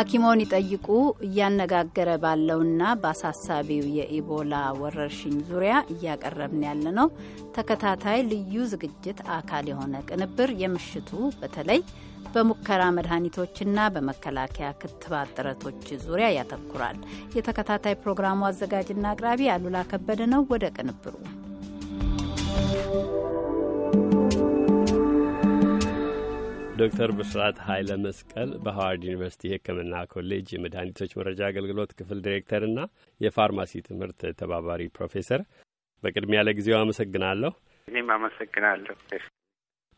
ሐኪሞን ይጠይቁ እያነጋገረ ባለውና በአሳሳቢው የኢቦላ ወረርሽኝ ዙሪያ እያቀረብን ያለ ነው ተከታታይ ልዩ ዝግጅት አካል የሆነ ቅንብር የምሽቱ በተለይ በሙከራ መድኃኒቶችና በመከላከያ ክትባት ጥረቶች ዙሪያ ያተኩራል። የተከታታይ ፕሮግራሙ አዘጋጅና አቅራቢ አሉላ ከበደ ነው። ወደ ቅንብሩ ዶክተር ብስራት ኃይለ መስቀል በሀዋርድ ዩኒቨርሲቲ የሕክምና ኮሌጅ የመድኃኒቶች መረጃ አገልግሎት ክፍል ዲሬክተርና የፋርማሲ ትምህርት ተባባሪ ፕሮፌሰር፣ በቅድሚያ ለጊዜው አመሰግናለሁ። እኔም አመሰግናለሁ።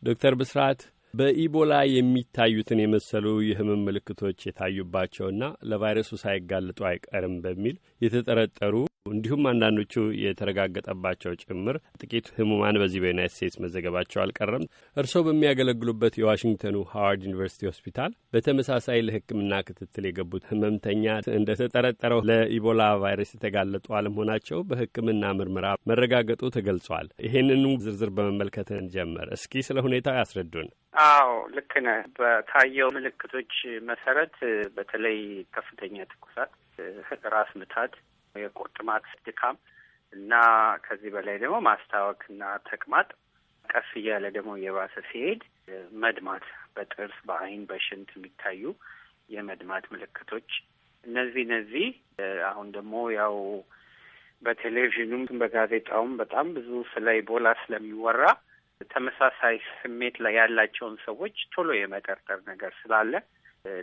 ዶክተር ብስራት በኢቦላ የሚታዩትን የመሰሉ የህመም ምልክቶች የታዩባቸውና ለቫይረሱ ሳይጋለጡ አይቀርም በሚል የተጠረጠሩ እንዲሁም አንዳንዶቹ የተረጋገጠባቸው ጭምር ጥቂት ህሙማን በዚህ በዩናይት ስቴትስ መዘገባቸው አልቀረም። እርስዎ በሚያገለግሉበት የዋሽንግተኑ ሃዋርድ ዩኒቨርሲቲ ሆስፒታል በተመሳሳይ ለሕክምና ክትትል የገቡት ህመምተኛ እንደተጠረጠረው ለኢቦላ ቫይረስ የተጋለጡ አለመሆናቸው በሕክምና ምርመራ መረጋገጡ ተገልጿል። ይህንኑ ዝርዝር በመመልከት እንጀምር። እስኪ ስለ ሁኔታው ያስረዱን። አዎ ልክ ነህ። በታየው ምልክቶች መሰረት በተለይ ከፍተኛ ትኩሳት፣ ራስ ምታት የቁርጥማት ድካም እና ከዚህ በላይ ደግሞ ማስታወክና ተቅማጥ፣ ቀስ እያለ ደግሞ የባሰ ሲሄድ መድማት፣ በጥርስ በአይን በሽንት የሚታዩ የመድማት ምልክቶች እነዚህ እነዚህ አሁን ደግሞ ያው በቴሌቪዥኑም በጋዜጣውም በጣም ብዙ ስለ ኢቦላ ስለሚወራ ተመሳሳይ ስሜት ላይ ያላቸውን ሰዎች ቶሎ የመጠርጠር ነገር ስላለ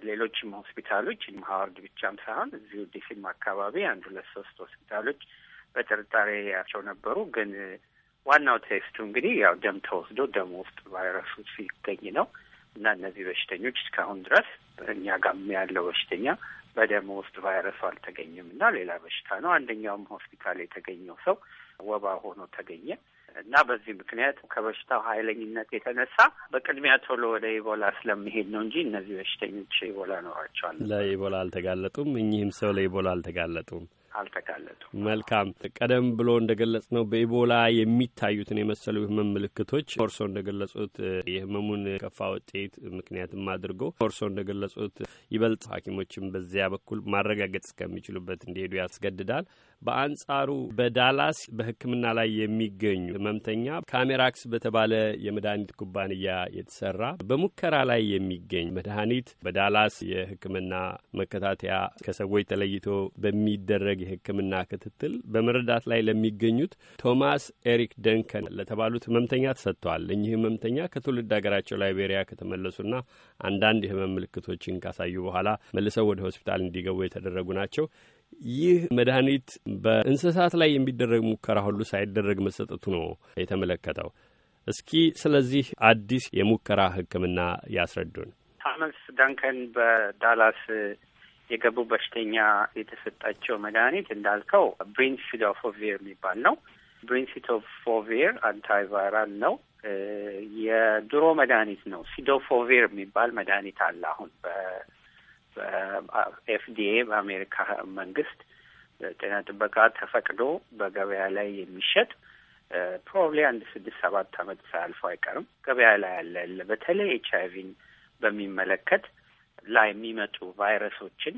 ሌሎችም ሆስፒታሎች ሀዋርድ ብቻም ሳይሆን እዚሁ ዲሲም አካባቢ አንድ ሁለት ሶስት ሆስፒታሎች ያቸው ነበሩ። ግን ዋናው ቴስቱ እንግዲህ ያው ደም ተወስዶ ደም ውስጥ ቫይረሱ ሲገኝ ነው እና እነዚህ በሽተኞች እስካሁን ድረስ እኛ ጋም ያለው በሽተኛ በደም ውስጥ ቫይረሱ አልተገኘም እና ሌላ በሽታ ነው። አንደኛውም ሆስፒታል የተገኘው ሰው ወባ ሆኖ ተገኘ። እና በዚህ ምክንያት ከበሽታው ኃይለኝነት የተነሳ በቅድሚያ ቶሎ ወደ ኢቦላ ስለሚሄድ ነው እንጂ እነዚህ በሽተኞች ኢቦላ ኖሯቸዋል። ለኢቦላ አልተጋለጡም። እኚህም ሰው ለኢቦላ አልተጋለጡም አልተጋለጡም። መልካም። ቀደም ብሎ እንደገለጽ ነው በኢቦላ የሚታዩትን የመሰሉ የህመም ምልክቶች እርሶ እንደገለጹት የህመሙን ከፋ ውጤት ምክንያትም አድርጎ እርሶ እንደገለጹት ይበልጥ ሐኪሞችን በዚያ በኩል ማረጋገጥ እስከሚችሉበት እንዲሄዱ ያስገድዳል። በአንጻሩ በዳላስ በሕክምና ላይ የሚገኙ ህመምተኛ ካሜራክስ በተባለ የመድኃኒት ኩባንያ የተሰራ በሙከራ ላይ የሚገኝ መድኃኒት በዳላስ የሕክምና መከታተያ ከሰዎች ተለይቶ በሚደረግ የሕክምና ክትትል በመረዳት ላይ ለሚገኙት ቶማስ ኤሪክ ደንከን ለተባሉት ህመምተኛ ተሰጥተዋል። እኚህ ህመምተኛ ከትውልድ ሀገራቸው ላይቤሪያ ከተመለሱና አንዳንድ የህመም ምልክቶችን ካሳዩ በኋላ መልሰው ወደ ሆስፒታል እንዲገቡ የተደረጉ ናቸው። ይህ መድኃኒት በእንስሳት ላይ የሚደረግ ሙከራ ሁሉ ሳይደረግ መሰጠቱ ነው የተመለከተው። እስኪ ስለዚህ አዲስ የሙከራ ሕክምና ያስረዱን። ታመስ ዳንከን በዳላስ የገቡ በሽተኛ የተሰጣቸው መድኃኒት እንዳልከው ብሪንሲዶፎቪር የሚባል ነው። ብሪንሲዶፎቪር አንታይቫይራል ነው። የድሮ መድኃኒት ነው። ሲዶፎቪር የሚባል መድኃኒት አለ አሁን ኤፍዲኤ በአሜሪካ መንግስት ጤና ጥበቃ ተፈቅዶ በገበያ ላይ የሚሸጥ ፕሮባብሊ አንድ ስድስት ሰባት አመት ሳያልፎ አይቀርም ገበያ ላይ ያለ በተለይ ኤች አይቪን በሚመለከት ላይ የሚመጡ ቫይረሶችን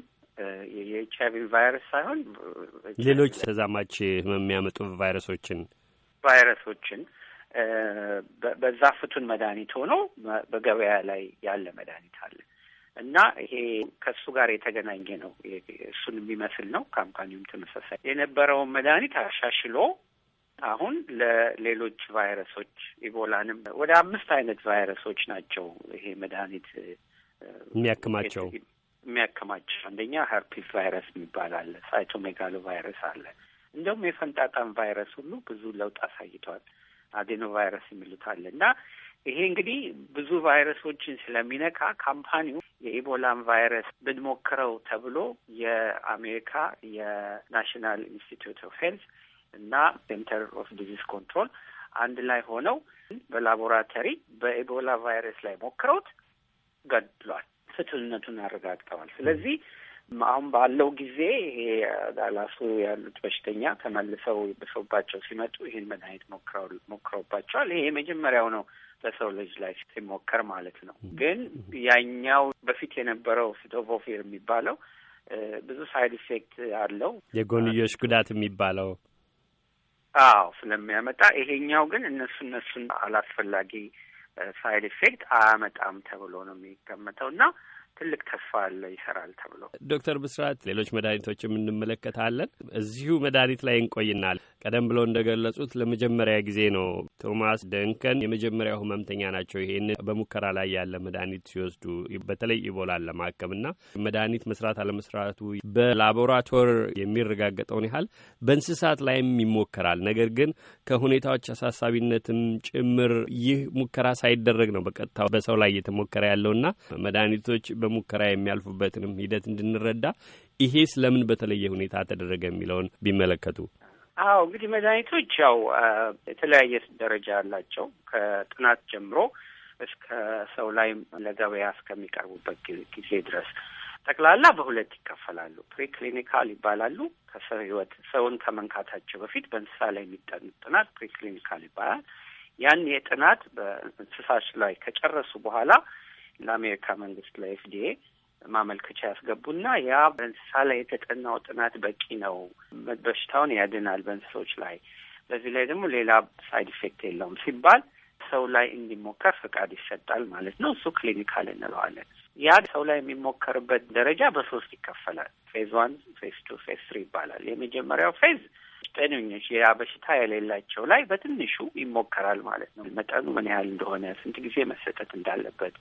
የኤች አይቪ ቫይረስ ሳይሆን ሌሎች ተዛማች የሚያመጡ ቫይረሶችን ቫይረሶችን በዛ ፍቱን መድኃኒት ሆኖ በገበያ ላይ ያለ መድኃኒት አለ። እና ይሄ ከእሱ ጋር የተገናኘ ነው። እሱን የሚመስል ነው። ካምፓኒውም ተመሳሳይ የነበረውን መድኃኒት አሻሽሎ አሁን ለሌሎች ቫይረሶች ኢቦላንም ወደ አምስት አይነት ቫይረሶች ናቸው ይሄ መድኃኒት የሚያክማቸው የሚያክማቸው አንደኛ ሀርፒስ ቫይረስ የሚባል አለ። ሳይቶሜጋሎ ቫይረስ አለ። እንደውም የፈንጣጣን ቫይረስ ሁሉ ብዙ ለውጥ አሳይቷል። አዴኖ ቫይረስ የሚሉት አለ እና ይሄ እንግዲህ ብዙ ቫይረሶችን ስለሚነካ ካምፓኒው የኢቦላን ቫይረስ ብንሞክረው ተብሎ የአሜሪካ የናሽናል ኢንስቲትዩት ኦፍ ሄልት እና ሴንተር ኦፍ ዲዚዝ ኮንትሮል አንድ ላይ ሆነው በላቦራተሪ በኢቦላ ቫይረስ ላይ ሞክረውት ገድሏል። ፍቱንነቱን አረጋግጠዋል። ስለዚህ አሁን ባለው ጊዜ ይሄ ዳላሱ ያሉት በሽተኛ ተመልሰው ብሶባቸው ሲመጡ ይህን መድኃኒት ሞክረውባቸዋል። ይሄ የመጀመሪያው ነው በሰው ልጅ ላይ ሲሞከር ማለት ነው። ግን ያኛው በፊት የነበረው ሲቶፎፊር የሚባለው ብዙ ሳይድ ኢፌክት አለው፣ የጎንዮሽ ጉዳት የሚባለው አዎ ስለሚያመጣ ይሄኛው ግን እነሱ እነሱን አላስፈላጊ ሳይድ ኢፌክት አያመጣም ተብሎ ነው የሚገመተው እና ትልቅ ተስፋ አለ ይሰራል ተብሎ። ዶክተር ብስራት ሌሎች መድኃኒቶችም እንመለከታለን። እዚሁ መድኃኒት ላይ እንቆይናል። ቀደም ብለው እንደገለጹት ለመጀመሪያ ጊዜ ነው ቶማስ ደንከን የመጀመሪያው ህመምተኛ ናቸው። ይሄን በሙከራ ላይ ያለ መድኃኒት ሲወስዱ በተለይ ኢቦላን ና መድኃኒት መስራት አለመስራቱ በላቦራቶር የሚረጋገጠውን ያህል በእንስሳት ላይም ይሞከራል። ነገር ግን ከሁኔታዎች አሳሳቢነትም ጭምር ይህ ሙከራ ሳይደረግ ነው በቀጥታ በሰው ላይ እየተሞከረ ያለው ና መድኃኒቶች በሙከራ የሚያልፉበትንም ሂደት እንድንረዳ ይሄ ስለምን በተለየ ሁኔታ ተደረገ የሚለውን ቢመለከቱ አዎ እንግዲህ መድኃኒቶች ያው የተለያየ ደረጃ ያላቸው ከጥናት ጀምሮ እስከ ሰው ላይ ለገበያ እስከሚቀርቡበት ጊዜ ድረስ ጠቅላላ በሁለት ይከፈላሉ። ፕሪክሊኒካል ይባላሉ። ከሰው ህይወት ሰውን ከመንካታቸው በፊት በእንስሳ ላይ የሚጠኑ ጥናት ፕሪክሊኒካል ይባላል። ያን የጥናት በእንስሳች ላይ ከጨረሱ በኋላ ለአሜሪካ መንግስት ለኤፍዲኤ ማመልከቻ ያስገቡና ያ በእንስሳ ላይ የተጠናው ጥናት በቂ ነው፣ በሽታውን ያድናል በእንስሶች ላይ በዚህ ላይ ደግሞ ሌላ ሳይድ ኢፌክት የለውም ሲባል ሰው ላይ እንዲሞከር ፍቃድ ይሰጣል ማለት ነው። እሱ ክሊኒካል እንለዋለን። ያ ሰው ላይ የሚሞከርበት ደረጃ በሶስት ይከፈላል። ፌዝ ዋን፣ ፌዝ ቱ፣ ፌዝ ስሪ ይባላል። የመጀመሪያው ፌዝ ጤነኞች ያ በሽታ የሌላቸው ላይ በትንሹ ይሞከራል ማለት ነው። መጠኑ ምን ያህል እንደሆነ፣ ስንት ጊዜ መሰጠት እንዳለበት፣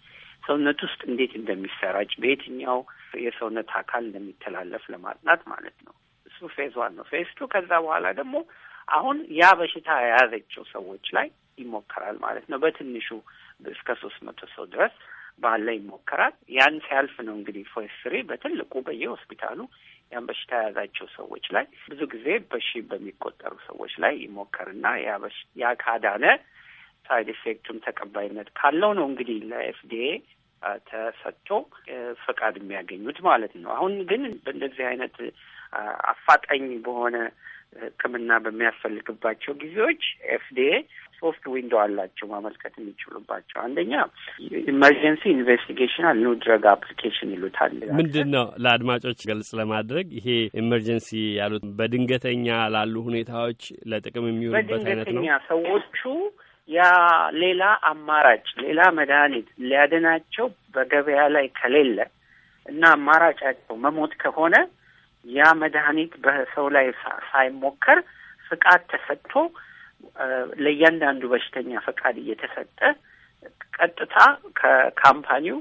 ሰውነት ውስጥ እንዴት እንደሚሰራጭ፣ በየትኛው የሰውነት አካል እንደሚተላለፍ ለማጥናት ማለት ነው። እሱ ፌዝ ዋን ነው። ፌዝ ቱ ከዛ በኋላ ደግሞ አሁን ያ በሽታ የያዘችው ሰዎች ላይ ይሞከራል ማለት ነው። በትንሹ እስከ ሶስት መቶ ሰው ድረስ ባለ ላይ ይሞከራል። ያን ሲያልፍ ነው እንግዲህ ፎይስ ስሪ በትልቁ በየሆስፒታሉ ያን በሽታ የያዛቸው ሰዎች ላይ ብዙ ጊዜ በሺ በሚቆጠሩ ሰዎች ላይ ይሞከርና ያ ካዳነ ሳይድ ኢፌክቱም ተቀባይነት ካለው ነው እንግዲህ ለኤፍዲኤ ተሰጥቶ ፈቃድ የሚያገኙት ማለት ነው። አሁን ግን በእንደዚህ አይነት አፋጣኝ በሆነ ሕክምና በሚያስፈልግባቸው ጊዜዎች ኤፍዲኤ ሶፍት ዊንዶ አላቸው ማመልከት የሚችሉባቸው። አንደኛ ኢመርጀንሲ ኢንቨስቲጌሽናል ኒው ድረግ አፕሊኬሽን ይሉታል። ምንድን ነው? ለአድማጮች ገልጽ ለማድረግ ይሄ ኢመርጀንሲ ያሉት በድንገተኛ ላሉ ሁኔታዎች ለጥቅም የሚሆኑበት አይነት ነው። ሰዎቹ ያ ሌላ አማራጭ ሌላ መድኃኒት ሊያድናቸው በገበያ ላይ ከሌለ እና አማራጫቸው መሞት ከሆነ ያ መድኃኒት በሰው ላይ ሳይሞከር ፍቃድ ተሰጥቶ ለእያንዳንዱ በሽተኛ ፈቃድ እየተሰጠ ቀጥታ ከካምፓኒው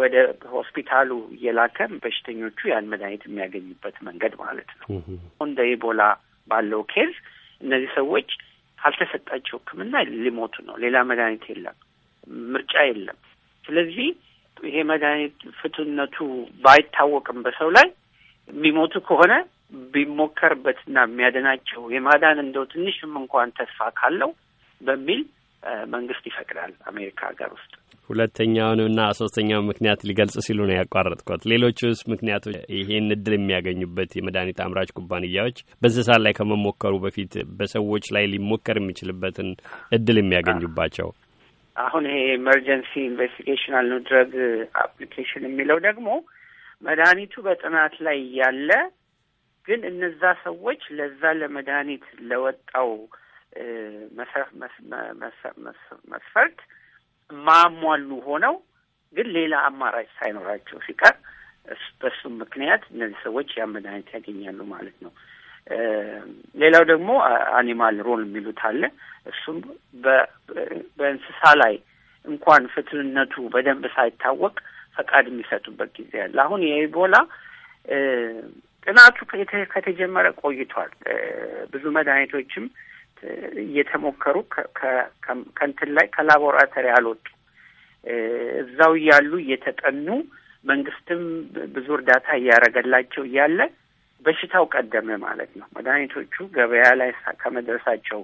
ወደ ሆስፒታሉ እየላከ በሽተኞቹ ያን መድኃኒት የሚያገኙበት መንገድ ማለት ነው። እንደ ኢቦላ ባለው ኬዝ እነዚህ ሰዎች ካልተሰጣቸው ሕክምና ሊሞቱ ነው። ሌላ መድኃኒት የለም፣ ምርጫ የለም። ስለዚህ ይሄ መድኃኒት ፍቱነቱ ባይታወቅም በሰው ላይ የሚሞቱ ከሆነ ቢሞከርበትና የሚያድናቸው የማዳን እንደው ትንሽም እንኳን ተስፋ ካለው በሚል መንግስት ይፈቅዳል አሜሪካ ሀገር ውስጥ። ሁለተኛውንና ሶስተኛውን ምክንያት ሊገልጽ ሲሉ ነው ያቋረጥኩት። ሌሎቹስ ምክንያቶች ይሄን እድል የሚያገኙበት የመድኃኒት አምራች ኩባንያዎች በእንስሳ ላይ ከመሞከሩ በፊት በሰዎች ላይ ሊሞከር የሚችልበትን እድል የሚያገኙባቸው አሁን ይሄ ኤመርጀንሲ ኢንቨስቲጌሽናል ነው ድረግ አፕሊኬሽን የሚለው ደግሞ መድኃኒቱ በጥናት ላይ እያለ ግን እነዛ ሰዎች ለዛ ለመድኃኒት ለወጣው መስፈርት ማሟሉ ሆነው ግን ሌላ አማራጭ ሳይኖራቸው ሲቀር በሱም ምክንያት እነዚህ ሰዎች ያ መድኃኒት ያገኛሉ ማለት ነው። ሌላው ደግሞ አኒማል ሮል የሚሉት አለ። እሱም በእንስሳ ላይ እንኳን ፍትህነቱ በደንብ ሳይታወቅ ፈቃድ የሚሰጡበት ጊዜ አለ። አሁን የኢቦላ ጥናቱ ከተጀመረ ቆይቷል። ብዙ መድኃኒቶችም እየተሞከሩ ከንትን ላይ ከላቦራቶሪ አልወጡ እዛው እያሉ እየተጠኑ መንግስትም ብዙ እርዳታ እያደረገላቸው እያለ በሽታው ቀደመ ማለት ነው። መድኃኒቶቹ ገበያ ላይ ከመድረሳቸው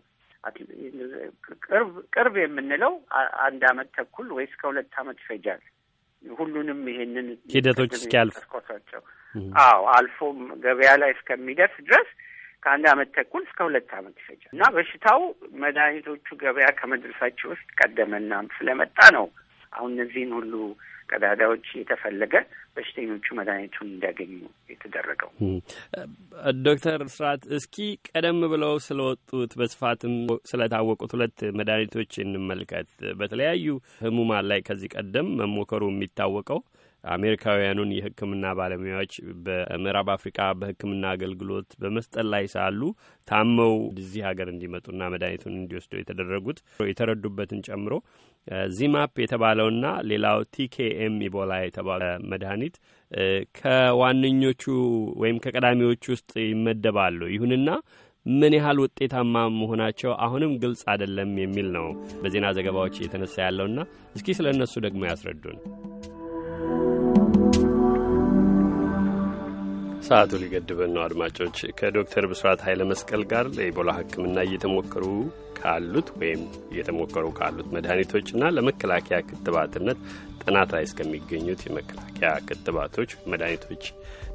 ቅርብ ቅርብ የምንለው አንድ አመት ተኩል ወይ እስከ ሁለት አመት ይፈጃል። ሁሉንም ይሄንን ሂደቶች እስኪያልፍ አዎ አልፎም ገበያ ላይ እስከሚደርስ ድረስ ከአንድ አመት ተኩል እስከ ሁለት አመት ይፈጃል እና በሽታው መድኃኒቶቹ ገበያ ከመድረሳቸው ውስጥ ቀደመና ስለመጣ ነው አሁን እነዚህን ሁሉ ቀዳዳዎች የተፈለገ በሽተኞቹ መድኃኒቱን እንዲያገኙ የተደረገው። ዶክተር ስርዓት እስኪ ቀደም ብለው ስለወጡት በስፋትም ስለታወቁት ሁለት መድኃኒቶች እንመልከት። በተለያዩ ህሙማን ላይ ከዚህ ቀደም መሞከሩ የሚታወቀው አሜሪካውያኑን የሕክምና ባለሙያዎች በምዕራብ አፍሪካ በሕክምና አገልግሎት በመስጠት ላይ ሳሉ ታመው እዚህ ሀገር እንዲመጡና መድኃኒቱን እንዲወስዱ የተደረጉት የተረዱበትን ጨምሮ ዚማፕ የተባለውና ሌላው ቲኬኤም ኢቦላ የተባለ መድኃኒት ከዋነኞቹ ወይም ከቀዳሚዎቹ ውስጥ ይመደባሉ። ይሁንና ምን ያህል ውጤታማ መሆናቸው አሁንም ግልጽ አይደለም የሚል ነው በዜና ዘገባዎች እየተነሳ ያለውና እስኪ ስለ እነሱ ደግሞ ያስረዱን። ሰዓቱ ሊገድበን ነው። አድማጮች ከዶክተር ብስራት ኃይለ መስቀል ጋር ለኢቦላ ሕክምና እየተሞከሩ ካሉት ወይም እየተሞከሩ ካሉት መድኃኒቶችና ለመከላከያ ክትባትነት ጥናት ላይ እስከሚገኙት የመከላከያ ክትባቶች መድኃኒቶች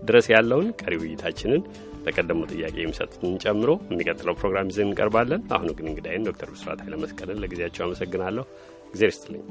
ድረስ ያለውን ቀሪ ውይይታችንን ለቀደሙ ጥያቄ የሚሰጡትን ጨምሮ የሚቀጥለው ፕሮግራም ይዘን እንቀርባለን። አሁኑ ግን እንግዳይን ዶክተር ብስራት ኃይለ መስቀልን ለጊዜያቸው አመሰግናለሁ። እግዜር ይስጥልኝ።